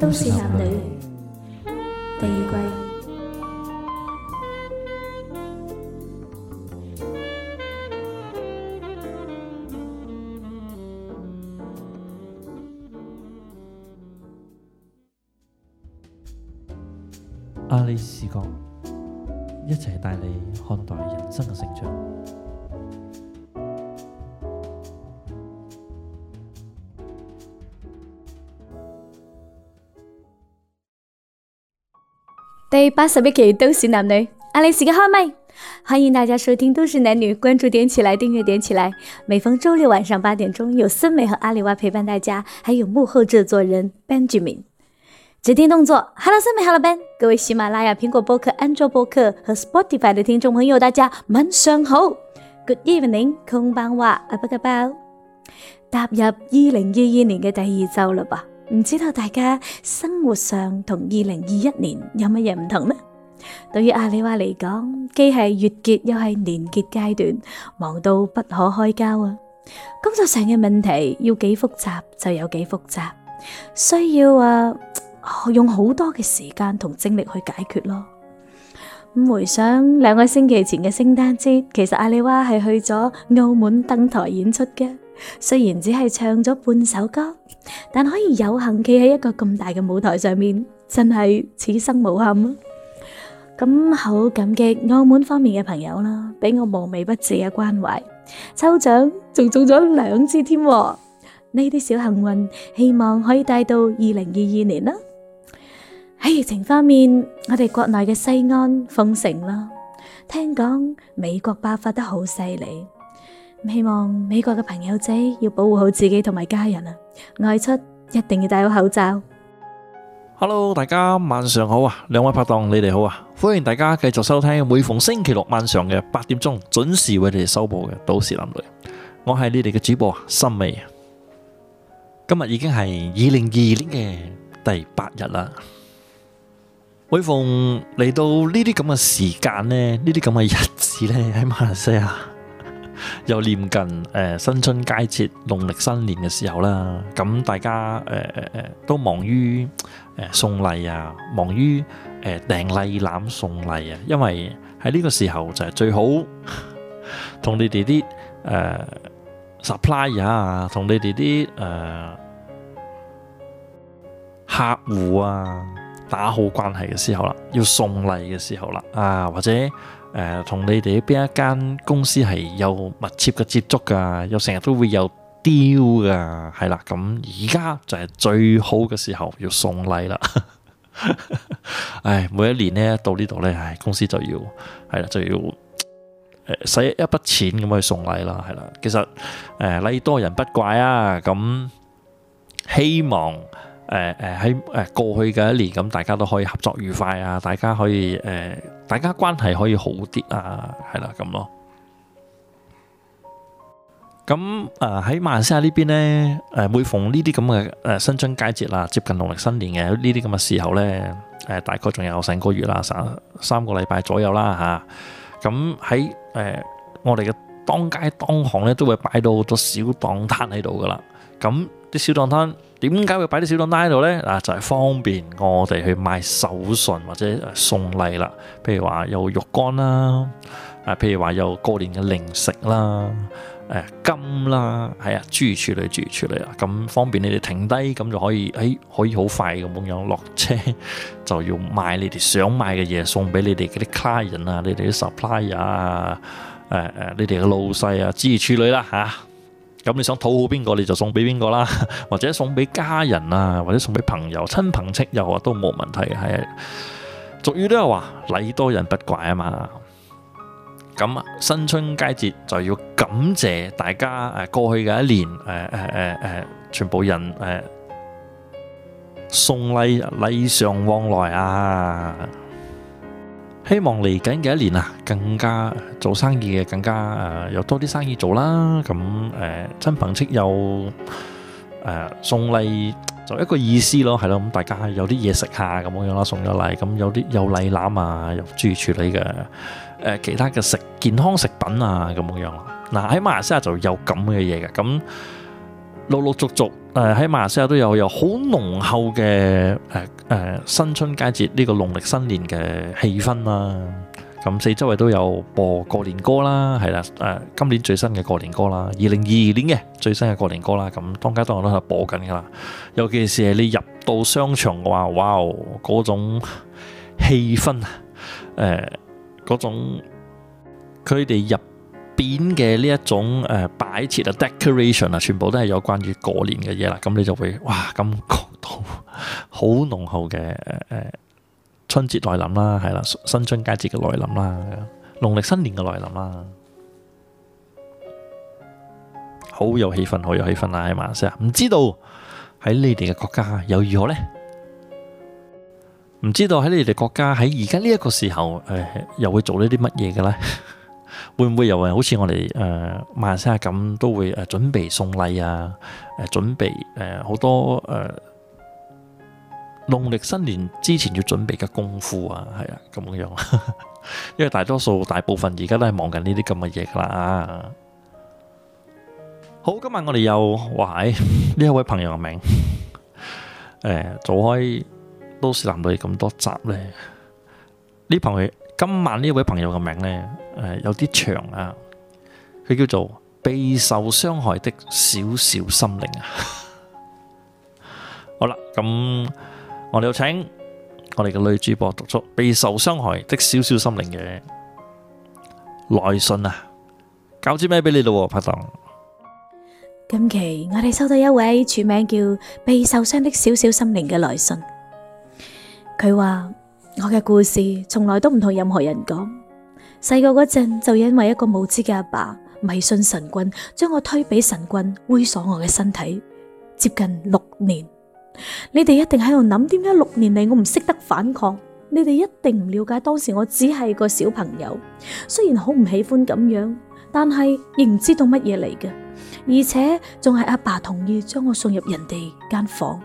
都市男女第二季，阿里視角，一齊帶你看待人生嘅成長。八十一期都市男女，阿里時間開咪，歡迎大家收聽《都市男女》，關注點起來，訂閱點起來。每逢周六晚上八點鐘，有森美和阿里娃陪伴大家，還有幕後製作人 Benjamin。指定動作，Hello 森美，Hello Ben，各位喜馬拉雅、蘋果播客、安卓播客和 Spotify 的聽眾朋友，大家晚上好，Good evening，空班話阿伯嘅包，踏入二零二二年嘅第二周了吧。唔知道大家生活上同二零二一年有乜嘢唔同呢？對於阿里娃嚟講，既係月結又係年結階段，忙到不可開交啊！工作上嘅問題要幾複雜就有幾複雜，需要啊用好多嘅時間同精力去解決咯。咁回想兩個星期前嘅聖誕節，其實阿里娃係去咗澳門登台演出嘅。雖然只係唱咗半首歌，但可以有幸企喺一個咁大嘅舞台上面，真係此生無憾啊！咁好感激澳門方面嘅朋友啦，俾我無微不至嘅關懷，抽獎仲中咗兩支添，呢啲小幸運希望可以帶到二零二二年啦。喺疫情方面，我哋國內嘅西安封城啦，聽講美國爆發得好犀利。希望美國嘅朋友仔要保護好自己同埋家人啊！外出一定要戴好口罩。Hello，大家晚上好啊！兩位拍檔，你哋好啊！歡迎大家繼續收聽每逢星期六晚上嘅八點鐘準時為你哋收播嘅《都市男女》，我係你哋嘅主播心美。今日已經係二零二二年嘅第八日啦。每逢嚟到呢啲咁嘅時間呢，呢啲咁嘅日子呢，喺馬來西亞。又臨近誒、呃、新春佳節、農曆新年嘅時候啦，咁、嗯、大家誒誒、呃呃、都忙於誒、呃、送禮啊，忙於誒訂禮籃送禮啊，因為喺呢個時候就係最好同 你哋啲誒 supplier 啊，同你哋啲誒客戶啊打好關係嘅時候啦，要送禮嘅時候啦啊，或者。誒，同你哋邊一間公司係有密切嘅接觸㗎，又成日都會有丟㗎，係啦。咁而家就係最好嘅時候要送禮啦。唉，每一年呢到呢度呢，唉，公司就要，係啦，就要誒使一筆錢咁去送禮啦，係啦。其實誒，禮多人不怪啊，咁希望。誒誒喺誒過去嘅一年咁，大家都可以合作愉快啊！大家可以誒、呃，大家關係可以好啲啊，係啦咁咯。咁啊喺馬來西亞呢邊咧，誒每逢呢啲咁嘅誒新春佳節啦，接近農曆新年嘅呢啲咁嘅時候咧，誒、呃、大概仲有成個月啦，成三,三個禮拜左右啦吓，咁喺誒我哋嘅當街當行咧，都會擺到好多小檔攤喺度噶啦。咁、嗯、啲小檔攤。點解會擺啲小檔喺度咧？嗱、啊，就係、是、方便我哋去買手信或者送禮啦。譬如話有肉乾啦，啊，譬如話有過年嘅零食啦，誒、啊、金啦，係啊，諸如此類，諸如此類啊。咁方便你哋停低，咁就可以，誒、哎，可以好快咁樣落車，就要買你哋想買嘅嘢，送俾你哋嗰啲 client 啊，你哋啲 supplier 啊，誒、啊、誒，你哋嘅老細啊，諸如此類啦、啊，嚇、啊。咁你想討好邊個你就送俾邊個啦，或者送俾家人啊，或者送俾朋友，親朋戚友啊，都冇問題嘅，係。俗語都有話，禮多人不怪啊嘛。咁新春佳節就要感謝大家誒，過去嘅一年誒誒誒誒，全部人誒，送禮，禮尚往來啊。希望嚟緊嘅一年啊，更加做生意嘅更加誒、呃，有多啲生意做啦。咁誒，親朋戚友誒、呃、送禮就一個意思咯，係咯。咁大家有啲嘢食下咁樣啦，送咗禮。咁有啲有禮籃啊，有注意處理嘅誒、呃，其他嘅食健康食品啊，咁樣咯。嗱、呃、喺馬來西亞就有咁嘅嘢嘅咁。陸陸續續，誒、呃、喺馬來西亞都有有好濃厚嘅誒誒新春佳節呢、這個農曆新年嘅氣氛啦、啊。咁、嗯、四周圍都有播過年歌啦，係啦，誒、呃、今年最新嘅過年歌啦，二零二二年嘅最新嘅過年歌啦。咁、嗯、當家當然都係播緊㗎啦。尤其是係你入到商場嘅話，哇，嗰種氣氛，誒、呃、嗰種佢哋入。變嘅呢一種誒擺設啊，decoration 啊，全部都係有關於過年嘅嘢啦，咁你就會哇，感覺到好濃厚嘅誒誒春節來臨啦，係啦，新春佳節嘅來臨啦，農曆新年嘅來臨啦，好有氣氛，好有氣氛啊！係嘛，唔知道喺你哋嘅國家又如何呢？唔知道喺你哋國家喺而家呢一個時候誒，又會做呢啲乜嘢嘅呢？會唔會又誒，好似我哋誒萬聖節咁，都會誒準備送禮啊，誒準備誒好多誒農曆新年之前要準備嘅功夫啊，係啊咁樣，因為大多數大部分而家都係忙緊呢啲咁嘅嘢噶啦啊。好，今晚我哋又話呢一位朋友嘅名，誒做開都市男女咁多集咧，呢朋友今晚呢一位朋友嘅名咧。誒，有啲長啊，佢叫做《備受傷害的小小心靈》啊。 好啦，咁我哋有請我哋嘅女主播讀出《備受傷害的小小心靈》嘅來信啊。交接咩俾你咯，啊，拍檔。近期我哋收到一位署名叫《備受傷的小小心靈》嘅來信，佢話我嘅故事從來都唔同任何人講。細個嗰陣就因為一個無知嘅阿爸迷信神棍，將我推俾神棍猥瑣我嘅身體接近六年。你哋一定喺度諗點解六年嚟我唔識得反抗。你哋一定唔了解當時我只係個小朋友，雖然好唔喜歡咁樣，但係亦唔知道乜嘢嚟嘅。而且仲係阿爸同意將我送入人哋間房，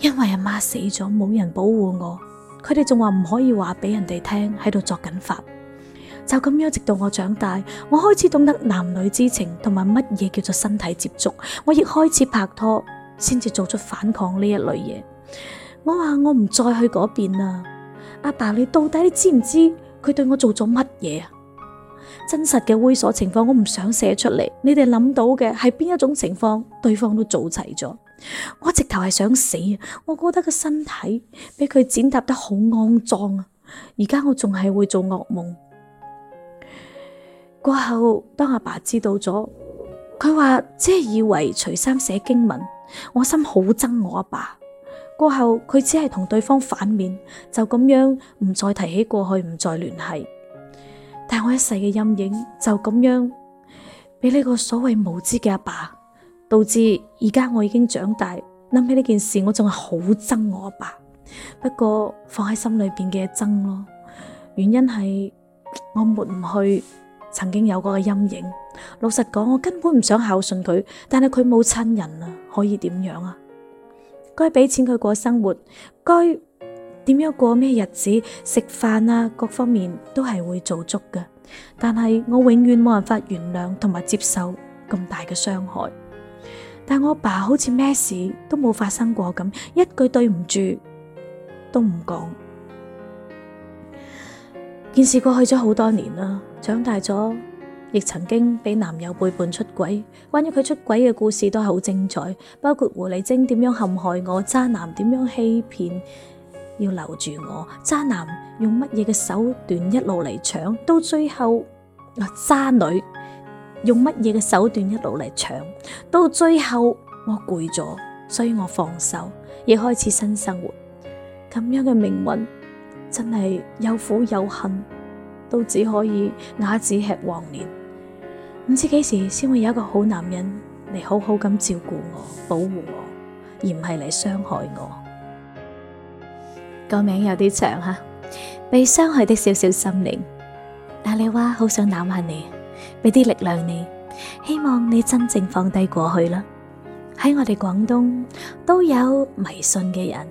因為阿媽死咗冇人保護我，佢哋仲話唔可以話俾人哋聽喺度作緊法。就咁樣，直到我長大，我開始懂得男女之情同埋乜嘢叫做身體接觸，我亦開始拍拖，先至做出反抗呢一類嘢。我話我唔再去嗰邊啦，阿爸，爸，你到底你知唔知佢對我做咗乜嘢啊？真實嘅猥瑣情況我唔想寫出嚟，你哋諗到嘅係邊一種情況，對方都做齊咗。我直頭係想死啊！我覺得個身體俾佢踐踏得好骯髒啊！而家我仲係會做噩夢。過後，當阿爸，爸知道咗，佢話只係以為除衫寫經文，我心好憎我阿爸，爸。過後佢只係同對方反面，就咁樣唔再提起過去，唔再聯繫。但我一世嘅陰影就咁樣，俾呢個所謂無知嘅阿爸，爸，導致而家我已經長大，諗起呢件事，我仲係好憎我阿爸，爸。不過放喺心裏邊嘅憎咯，原因係我抹唔去。曾經有過嘅陰影，老實講，我根本唔想孝順佢，但係佢冇親人啊，可以點樣啊？該俾錢佢過生活，該點樣過咩日子、食飯啊，各方面都係會做足嘅。但係我永遠冇辦法原諒同埋接受咁大嘅傷害。但我爸好似咩事都冇發生過咁，一句對唔住都唔講。件事過去咗好多年啦，長大咗亦曾經被男友背叛出軌，關於佢出軌嘅故事都係好精彩，包括狐狸精點樣陷害我，渣男點樣欺騙，要留住我，渣男用乜嘢嘅手段一路嚟搶，到最後，渣女用乜嘢嘅手段一路嚟搶，到最後我攰咗，所以我放手，亦開始新生活，咁樣嘅命運。真係有苦有恨，都只可以啞子吃黃連，唔知幾時先會有一個好男人嚟好好咁照顧我、保護我，而唔係嚟傷害我。個名有啲長吓、啊，被傷害的小小心靈，但、啊、你話好想攬下你，俾啲力量你，希望你真正放低過去啦。喺我哋廣東都有迷信嘅人。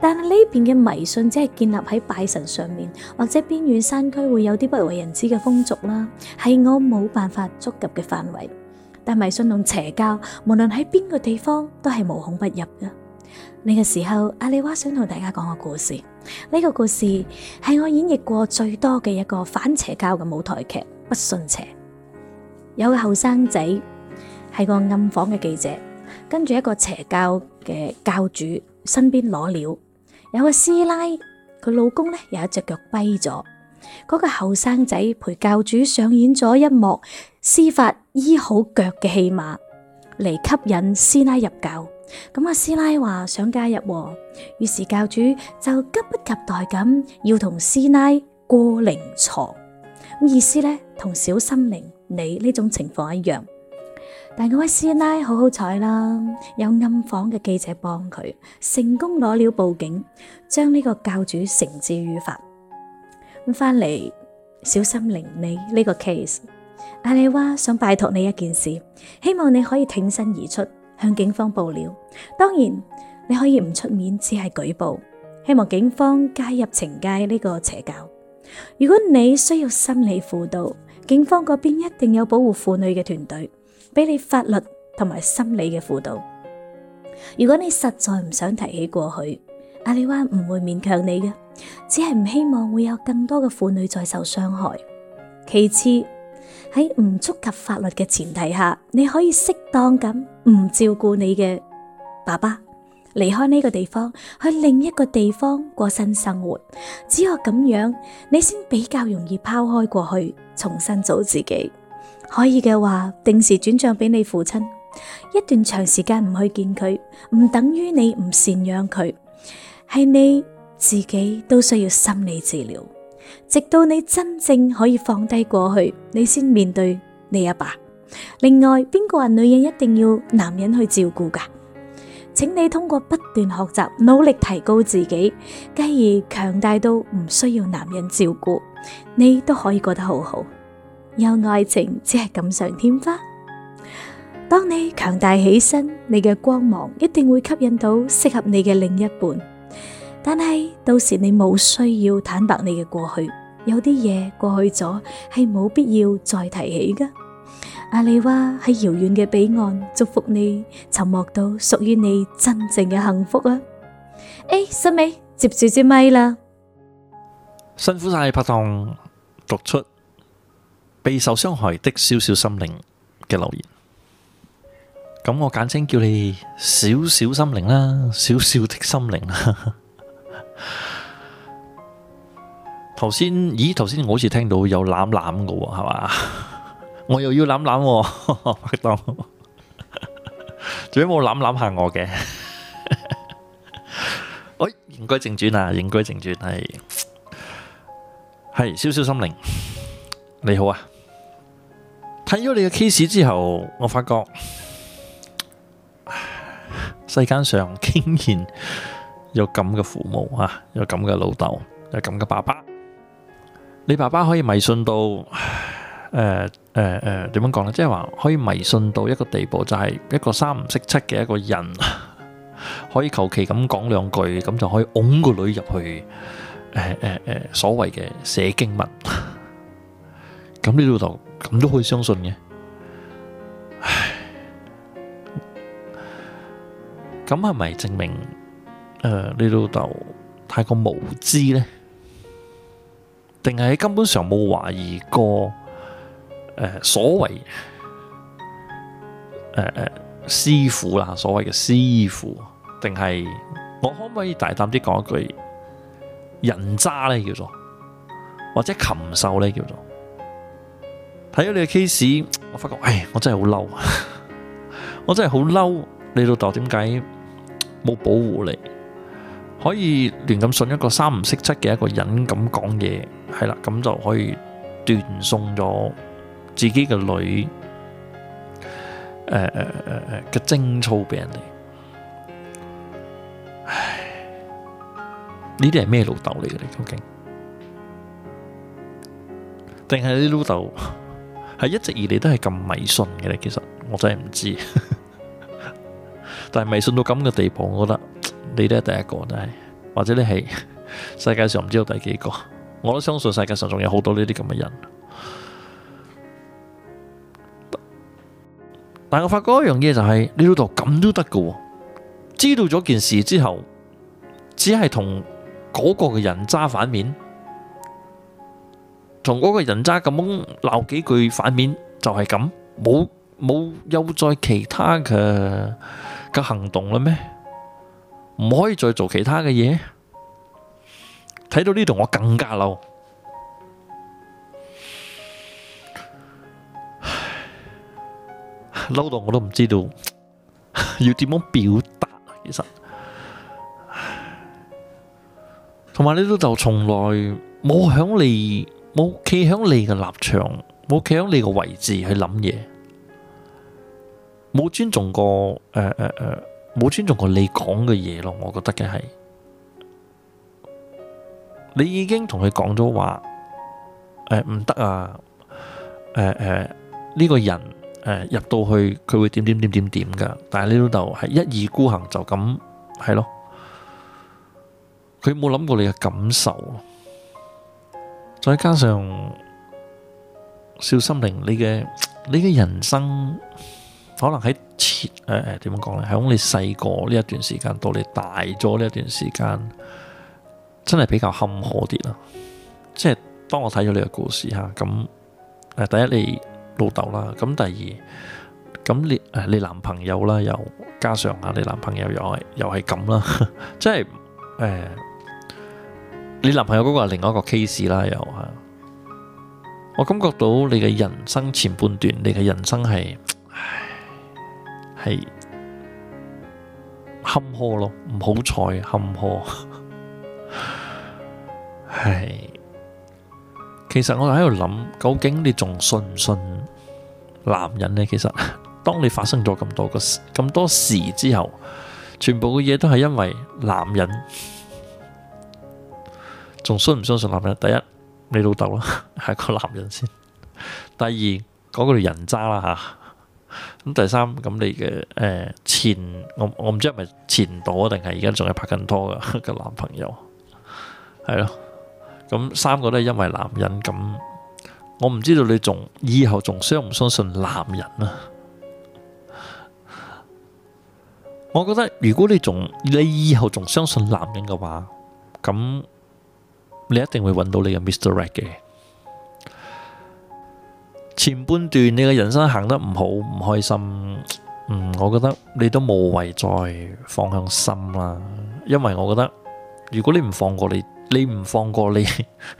但係呢邊嘅迷信只係建立喺拜神上面，或者邊遠山區會有啲不為人知嘅風俗啦，係我冇辦法觸及嘅範圍。但迷信同邪教，無論喺邊個地方都係無孔不入噶。呢、這個時候，阿里娃想同大家講故、這個故事。呢個故事係我演繹過最多嘅一個反邪教嘅舞台劇《不信邪》。有個後生仔係個暗訪嘅記者，跟住一個邪教嘅教主身邊攞料。有個師奶，佢老公咧有一隻腳跛咗。嗰、那個後生仔陪教主上演咗一幕施法醫好腳嘅戲碼嚟，吸引師奶入教。咁阿師奶話想加入，於是教主就急不及待咁要同師奶過靈床。咁意思咧，同小心靈你呢種情況一樣。但嗰位師奶好好彩啦，有暗訪嘅記者幫佢成功攞料報警，將呢個教主繩之於法。翻嚟，小心靈，你呢個 case，阿你話想拜託你一件事，希望你可以挺身而出向警方報料。當然，你可以唔出面，只係舉報，希望警方介入懲戒呢個邪教。如果你需要心理輔導，警方嗰邊一定有保護婦女嘅團隊。俾你法律同埋心理嘅輔導。如果你實在唔想提起過去，阿里灣唔會勉強你嘅，只係唔希望會有更多嘅婦女再受傷害。其次喺唔觸及法律嘅前提下，你可以適當咁唔照顧你嘅爸爸，離開呢個地方去另一個地方過新生活。只有咁樣，你先比較容易拋開過去，重新做自己。可以嘅話，定時轉賬俾你父親。一段長時間唔去見佢，唔等於你唔贍養佢，係你自己都需要心理治療，直到你真正可以放低過去，你先面對你阿爸。另外，邊個話女人一定要男人去照顧噶？請你通過不斷學習，努力提高自己，繼而強大到唔需要男人照顧，你都可以過得好好。有愛情只係錦上添花。當你強大起身，你嘅光芒一定會吸引到適合你嘅另一半。但係到時你冇需要坦白你嘅過去，有啲嘢過去咗係冇必要再提起噶。阿里話喺遙遠嘅彼岸祝福你，尋獲到屬於你真正嘅幸福啦。誒，森美接住支咪啦，辛苦晒拍檔讀出。被受傷害的小小心靈嘅留言，咁我簡稱叫你小小心靈啦，小小的心靈啦。頭先，咦，頭先我好似聽到有攬攬嘅，係嘛？我又要攬攬，仲有冇攬攬下我嘅？喂，言歸正傳啊，言歸正傳係係小小心靈，你好啊。睇咗你嘅 case 之後，我發覺世間上竟然有咁嘅父母啊，有咁嘅老豆，有咁嘅爸爸。你爸爸可以迷信到誒誒誒，點樣講咧？即係話可以迷信到一個地步，就係一個三唔識七嘅一個人，可以求其咁講兩句，咁就可以㧬個女入去誒誒誒，所謂嘅寫經文。咁呢個老豆，咁都可以相信嘅，唉，咁係咪證明誒、呃、你老豆太過無知呢？定係根本上冇懷疑過誒所謂誒師傅啦，所謂嘅、呃、師傅，定係我可唔可以大膽啲講一句人渣呢叫做或者禽獸呢叫做？睇咗你嘅 case，我發覺，唉，我真係好嬲，我真係好嬲，你老豆點解冇保護你？可以亂咁信一個三唔識七嘅一個人咁講嘢，係啦，咁就可以斷送咗自己嘅女，誒誒誒誒，嘅貞操俾人哋。唉，呢啲係咩老豆嚟嘅？究竟？定係啲老豆？係一直以嚟都係咁迷信嘅咧？其實我真係唔知， 但係迷信到咁嘅地步，我覺得你都係第一個，真係，或者你係世界上唔知道第幾個，我都相信世界上仲有好多呢啲咁嘅人但。但我發覺一樣嘢就係、是，你老豆咁都得㗎喎，知道咗件事之後，只係同嗰個嘅人渣反面。從嗰個人渣咁樣鬧幾句反面就係咁，冇冇有再其他嘅嘅行動嘞咩？唔可以再做其他嘅嘢？睇到呢度我更加嬲，嬲到我都唔知道要點樣表達啊！其實，同埋你老豆從來冇響嚟。冇企響你嘅立場，冇企響你個位置去諗嘢，冇尊重過誒誒誒，冇、呃呃、尊重過你講嘅嘢咯。我覺得嘅係，你已經同佢講咗話，誒唔得啊，誒誒呢個人誒、呃、入到去佢會點點點點點噶，但係你老豆係一意孤行就咁係咯，佢冇諗過你嘅感受。再加上小心靈，你嘅你嘅人生可能喺前誒誒點樣講咧？喺、呃、你細個呢一段時間到你大咗呢一段時間，真係比較坎坷啲啦。即係當我睇咗你個故事吓，咁誒第一你老豆啦，咁第二咁你誒你男朋友啦，又加上啊你男朋友又係又係咁啦， 即係誒。呃你男朋友嗰個係另外一個 case 啦，又吓。我感覺到你嘅人生前半段，你嘅人生係係坎坷咯，唔好彩坎坷。唉，其實我喺度諗，究竟你仲信唔信男人呢？其實當你發生咗咁多個咁多事之後，全部嘅嘢都係因為男人。仲信唔相信男人？第一，你老豆啦，係個男人先；第二，嗰個係人渣啦吓。咁、啊、第三，咁你嘅誒、呃、前我我唔知係咪前度啊，定係而家仲係拍緊拖嘅嘅男朋友係咯。咁、嗯嗯嗯、三個都係因為男人咁，我唔知道你仲以後仲相唔相信男人啊？我覺得如果你仲你以後仲相信男人嘅話，咁。你一定會揾到你嘅 Mr. Right 嘅。前半段你嘅人生行得唔好唔開心，嗯，我覺得你都冇謂再放向心啦。因為我覺得如果你唔放過你，你唔放過你，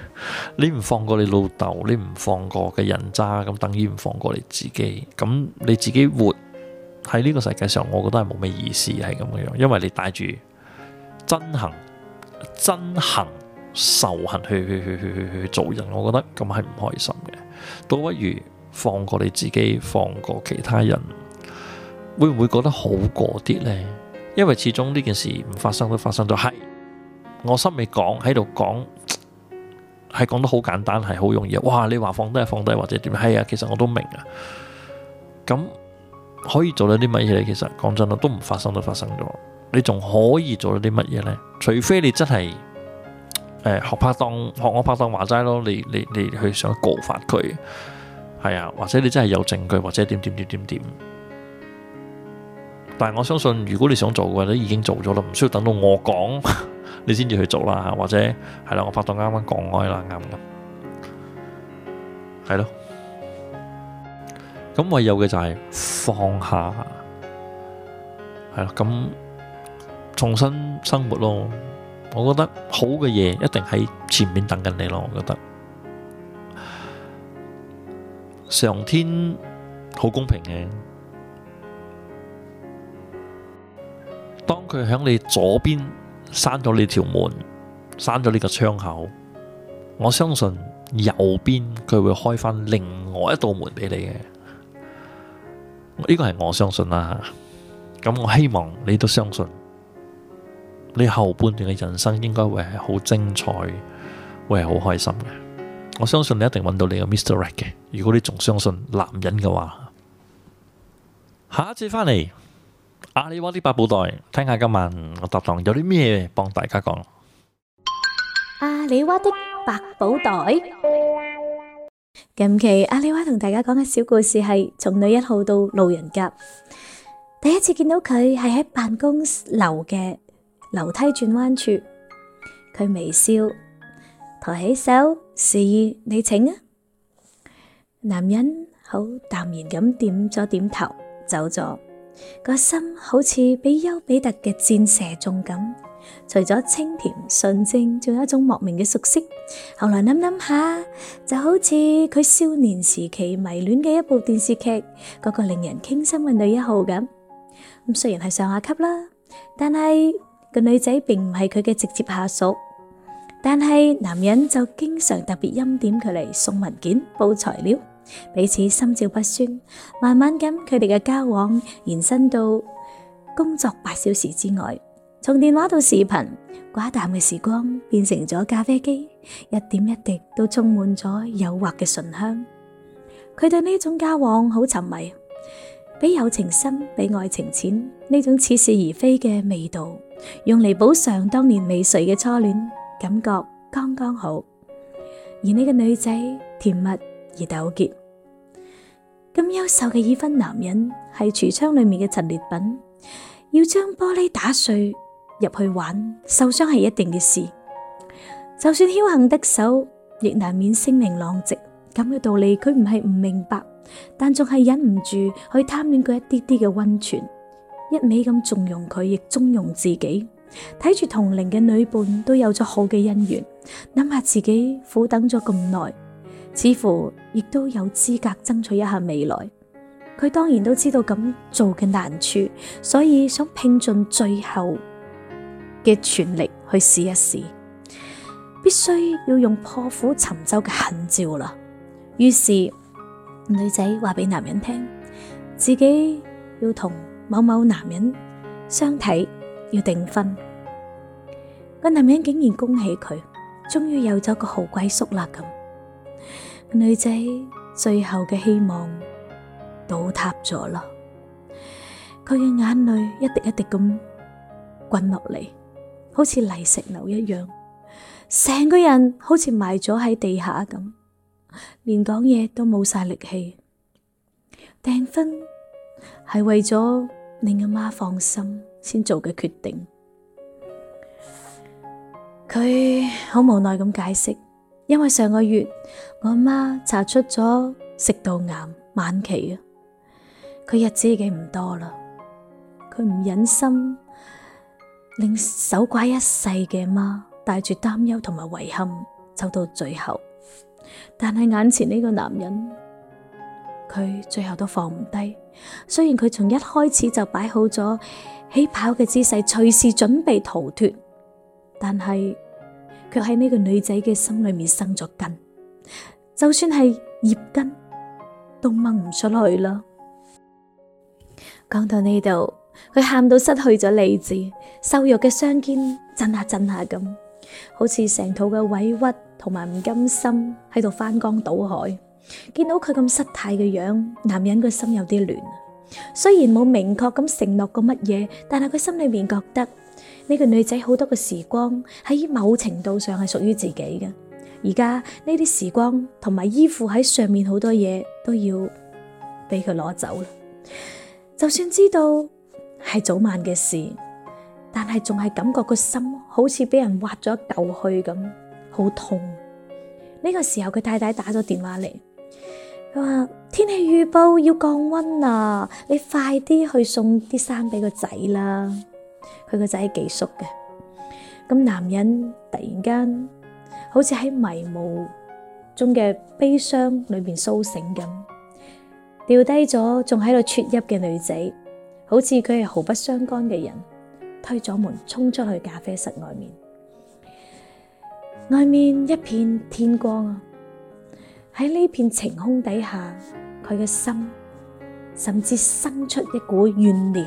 你唔放過你老豆，你唔放過嘅人渣，咁等於唔放過你自己。咁你自己活喺呢個世界上，我覺得係冇咩意思係咁樣，因為你帶住憎恨、憎恨。仇恨去去去去去，去做人，我覺得咁係唔開心嘅，倒不如放過你自己，放過其他人，會唔會覺得好過啲呢？因為始終呢件事唔發生都發生咗，係我心裡，講喺度講，係講得好簡單，係好容易。哇！你話放低放低，或者點？係啊，其實我都明啊。咁可以做到啲乜嘢呢？其實講真啦，都唔發生都發生咗，你仲可以做到啲乜嘢呢？除非你真係。誒，學拍檔，學我拍檔話齋咯，你你你去想告發佢，係啊，或者你真係有證據，或者點點點點點，但係我相信如果你想做嘅話，都已經做咗啦，唔需要等到我講， 你先至去做啦，或者係啦，我拍檔啱啱講開啦，啱唔啱？係咯，咁唯有嘅就係放下，係啦，咁重新生活咯。我覺得好嘅嘢一定喺前面等緊你咯，我覺得上天好公平嘅。當佢喺你左邊閂咗你條門，閂咗你個窗口，我相信右邊佢會開翻另外一道門俾你嘅。呢個係我相信啦，咁我希望你都相信。你後半段嘅人生應該會係好精彩，會係好開心嘅。我相信你一定揾到你嘅 Mr. Right 嘅。如果你仲相信男人嘅話，下一次翻嚟阿里娃啲百寶袋，聽下今晚我搭檔有啲咩幫大家講。 阿里娃啲百寶袋，近期阿里娃同大家講嘅小故事係《從女一號到路人甲》，第一次見到佢係喺辦公樓嘅。樓梯轉彎處，佢微笑，抬起手示意你請啊。男人好淡然咁點咗點頭，走咗。個心好似俾丘比特嘅箭射中咁，除咗清甜純正，仲有一種莫名嘅熟悉。後來諗諗下，就好似佢少年時期迷戀嘅一部電視劇嗰個令人傾心嘅女一號咁。咁雖然係上下級啦，但係。女仔並唔係佢嘅直接下屬，但係男人就經常特別欽點佢嚟送文件、報材料，彼此心照不宣。慢慢咁，佢哋嘅交往延伸到工作八小時之外，從電話到視頻，寡淡嘅時光變成咗咖啡機，一點一滴都充滿咗誘惑嘅醇香。佢對呢種交往好沉迷。比友情深，比愛情淺，呢種似是而非嘅味道，用嚟補償當年未遂嘅初戀，感覺剛剛好。而呢個女仔，甜蜜而糾結，咁優秀嘅已婚男人係櫥窗裏面嘅陳列品，要將玻璃打碎入去玩，受傷係一定嘅事。就算僥倖得手，亦難免聲名狼藉。咁嘅道理，佢唔係唔明白。但仲係忍唔住去貪戀嗰一啲啲嘅溫泉，一味咁縱容佢，亦縱容自己。睇住同齡嘅女伴都有咗好嘅姻緣，諗下自己苦等咗咁耐，似乎亦都有資格爭取一下未來。佢當然都知道咁做嘅難處，所以想拼盡最後嘅全力去試一試，必須要用破釜沉舟嘅狠招啦。於是。女仔話俾男人聽，自己要同某某男人相睇，要訂婚。個男人竟然恭喜佢，終於有咗個好歸宿啦咁。女仔最後嘅希望倒塌咗啦，佢嘅眼淚一滴一滴咁滾落嚟，好似泥石流一樣，成個人好似埋咗喺地下咁。連講嘢都冇晒力氣，訂婚係為咗令阿媽放心先做嘅決定。佢好無奈咁解釋，因為上個月我阿媽查出咗食道癌晚期啊，佢日子已經唔多啦，佢唔忍心令守寡一世嘅媽帶住擔憂同埋遺憾走到最後。但係眼前呢個男人，佢最後都放唔低。雖然佢從一開始就擺好咗起跑嘅姿勢，隨時準備逃脫，但係卻喺呢個女仔嘅心裏面生咗根，就算係葉根都掹唔出去啦。講到呢度，佢喊到失去咗理智，瘦弱嘅雙肩震下震下咁。好似成套嘅委屈同埋唔甘心喺度翻江倒海，見到佢咁失態嘅樣，男人嘅心有啲亂。雖然冇明確咁承諾過乜嘢，但係佢心裏面覺得呢個女仔好多嘅時光喺某程度上係屬於自己嘅。而家呢啲時光同埋依附喺上面好多嘢都要俾佢攞走啦。就算知道係早晚嘅事，但係仲係感覺個心。好似俾人挖咗一嚿去咁，好痛。呢個時候佢太太打咗電話嚟，佢話天氣預報要降溫喇，你快啲去送啲衫俾個仔啦。佢個仔係寄宿嘅，咁男人突然間好似喺迷霧中嘅悲傷裏邊甦醒咁，掉低咗仲喺度啜泣嘅女仔，好似佢係毫不相干嘅人。推咗門，衝出去咖啡室外面。外面一片天光啊！喺呢片晴空底下，佢嘅心甚至生出一股怨念，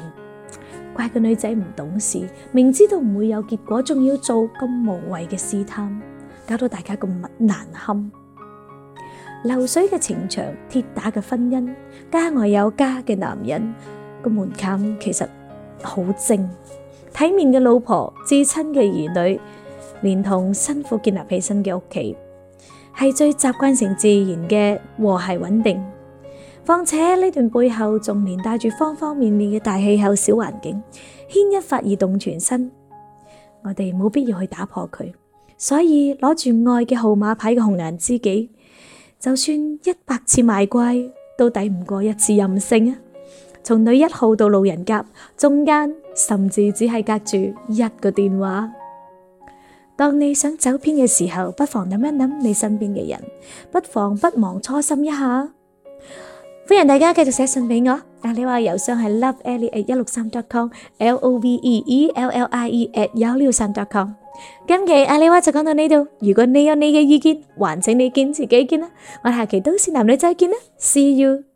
怪個女仔唔懂事，明知道唔會有結果，仲要做咁無謂嘅試探，搞到大家咁難堪。流水嘅情長，鐵打嘅婚姻，家外有家嘅男人個門檻其實好正。體面嘅老婆、至親嘅兒女，連同辛苦建立起身嘅屋企，係最習慣成自然嘅和諧穩定。況且呢段背後仲連帶住方方面面嘅大氣候、小環境，牽一髮而動全身。我哋冇必要去打破佢，所以攞住愛嘅號碼牌嘅紅顏知己，就算一百次賣乖都抵唔過一次任性啊！從女一號到路人甲中間。甚至只係隔住一個電話。當你想走偏嘅時候，不妨諗一諗你身邊嘅人，不妨不忘初心一下。歡迎大家繼續寫信俾我。阿李話、啊、郵箱係 loveallee@163.com，L O V E L L、I、E L L I E@163.com。今期阿李話就講到呢度。如果你有你嘅意見，還請你堅持己見啦。我哋下期都市男女再見啦，See you。